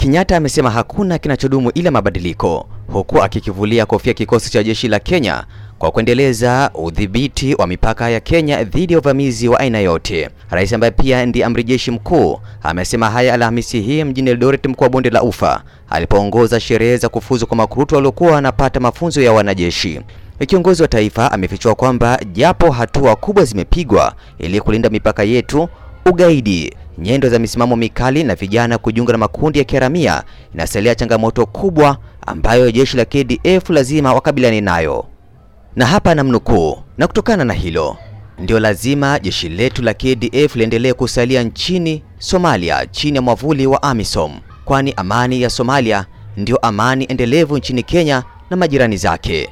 Kenyatta amesema hakuna kinachodumu ila mabadiliko, huku akikivulia kofia kikosi cha jeshi la Kenya kwa kuendeleza udhibiti wa mipaka ya Kenya dhidi ya uvamizi wa aina yote. Rais ambaye pia ndiye amri jeshi mkuu amesema haya Alhamisi hii mjini Eldoret, mkoa wa Bonde la Ufa, alipoongoza sherehe za kufuzu kwa makurutu waliokuwa wanapata mafunzo ya wanajeshi. Kiongozi wa taifa amefichua kwamba japo hatua kubwa zimepigwa ili kulinda mipaka yetu, ugaidi nyendo za misimamo mikali na vijana kujiunga na makundi ya kiharamia inasalia changamoto kubwa ambayo jeshi la KDF lazima wakabiliane nayo, na hapa namnukuu: na kutokana na hilo ndio lazima jeshi letu la KDF liendelee kusalia nchini Somalia chini ya mwavuli wa AMISOM, kwani amani ya Somalia ndio amani endelevu nchini Kenya na majirani zake.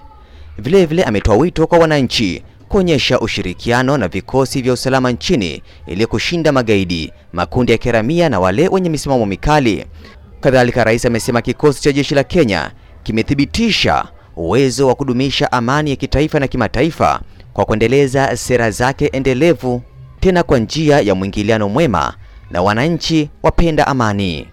Vilevile ametoa wito kwa wananchi kuonyesha ushirikiano na vikosi vya usalama nchini ili kushinda magaidi, makundi ya kiharamia na wale wenye misimamo mikali. Kadhalika, rais amesema kikosi cha jeshi la Kenya kimethibitisha uwezo wa kudumisha amani ya kitaifa na kimataifa kwa kuendeleza sera zake endelevu, tena kwa njia ya mwingiliano mwema na wananchi wapenda amani.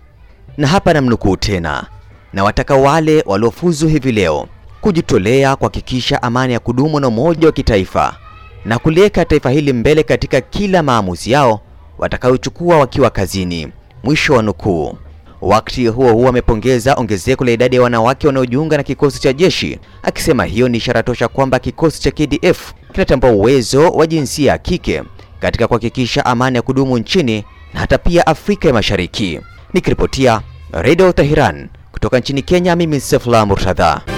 Na hapa namnukuu tena, na wataka wale waliofuzu hivi leo kujitolea kuhakikisha amani ya kudumu na umoja wa kitaifa na kuliweka taifa hili mbele katika kila maamuzi yao watakayochukua wakiwa kazini. Mwisho wa nukuu. Wakati huo huo, amepongeza ongezeko la idadi ya wanawake wanaojiunga na kikosi cha jeshi, akisema hiyo ni ishara tosha kwamba kikosi cha KDF kinatambua uwezo wa jinsia ya kike katika kuhakikisha amani ya kudumu nchini na hata pia Afrika ya Mashariki. Nikiripotia Radio Tehran kutoka nchini Kenya, mimi Sefla Murtadha.